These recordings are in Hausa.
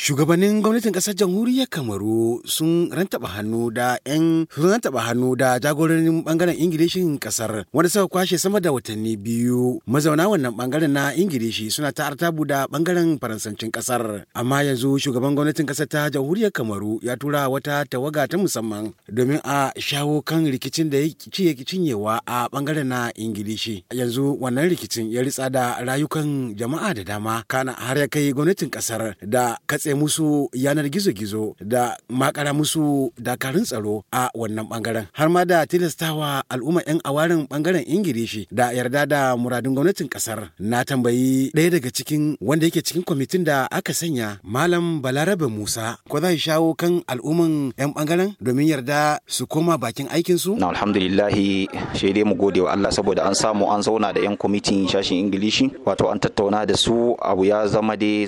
Shugabannin gwamnatin ƙasar jamhuriyar Kamaru sun rantaba hannu da 'yan sun hannu da jagororin bangaren Ingilishin ƙasar wanda suka kwashe sama da watanni biyu. Mazauna wannan bangaren na Ingilishi suna ta artabu da bangaren Faransancin ƙasar. Amma yanzu shugaban gwamnatin ƙasar ta jamhuriyar Kamaru ya tura wata tawaga ta musamman domin a shawo kan rikicin da ya cinyewa a bangaren na Ingilishi. Yanzu wannan rikicin ya ritsa da rayukan jama'a da dama kana har ya kai gwamnatin ƙasar da katse matse musu yanar gizo-gizo da makara musu dakarun tsaro a wannan bangaren har ma da tilastawa al'umma 'yan awarin bangaren ingilishi da yarda da muradun gwamnatin kasar na tambayi ɗaya daga cikin wanda yake cikin kwamitin da aka sanya malam balarabe musa ko za shawo kan al'umman 'yan bangaren domin yarda su koma bakin aikinsu na alhamdulillahi sai dai mu gode wa allah saboda an samu an zauna da 'yan kwamitin shashin ingilishi wato an tattauna da su abu ya zama dai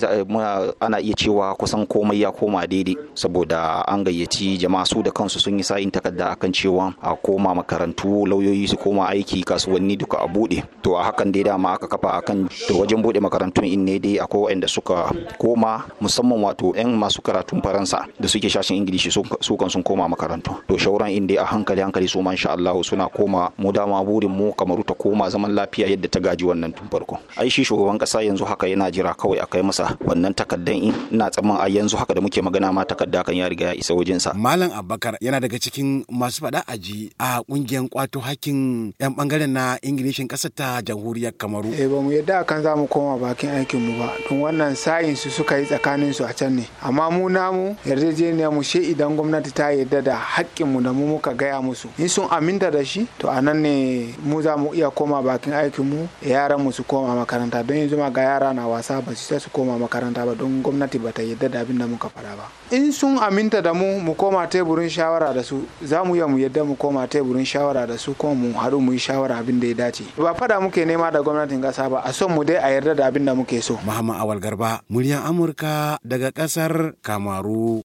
ana iya cewa A kusan komai ya koma daidai saboda an gayyaci jama'a su da kansu sun yi sa'in takarda kan cewa a koma makarantu lauyoyi su koma aiki kasuwanni duka a bude to a hakan dai dama aka kafa akan to wajen bude makarantun in ne dai akwai wanda suka koma musamman wato yan masu karatun faransa da suke shashin ingilishi su kan sun koma makarantu to shauran in dai a hankali hankali su ma insha Allah suna koma mu dama burin mu kamar ta koma zaman lafiya yadda ta gaji wannan tun farko ai shi shugaban kasa yanzu haka yana jira kawai a kai masa wannan takardan in ina musamman a yanzu haka da muke magana ma takarda kan ya riga ya isa wajensa. Malam Abubakar yana daga cikin masu faɗa aji a ƙungiyar kwato hakkin 'yan ɓangaren na Ingilishin ƙasar ta jamhuriyar Kamaru. Eh ba mu yadda akan za mu koma bakin aikin mu ba don wannan sayin su suka yi tsakanin su a can ne amma mu namu yarjejeniya mu she idan gwamnati ta yarda da haƙƙin mu da mu muka gaya musu in sun aminta da shi to a nan ne mu za mu iya koma bakin aikin mu yaran mu su koma makaranta don yanzu ma ga yara na wasa ba su koma makaranta ba don gwamnati ba ta yi yadda da abin da muka fara ba in sun aminta da mu mu koma teburin shawara da su za mu iya mu yadda mu koma teburin shawara da su kuma mu haɗu mu yi shawara abin da ya dace ba fada muke nema da gwamnatin ƙasa ba a son mu dai a yarda da abin da muke so Muhammad Awal Garba muryar Amurka daga ƙasar Kamaru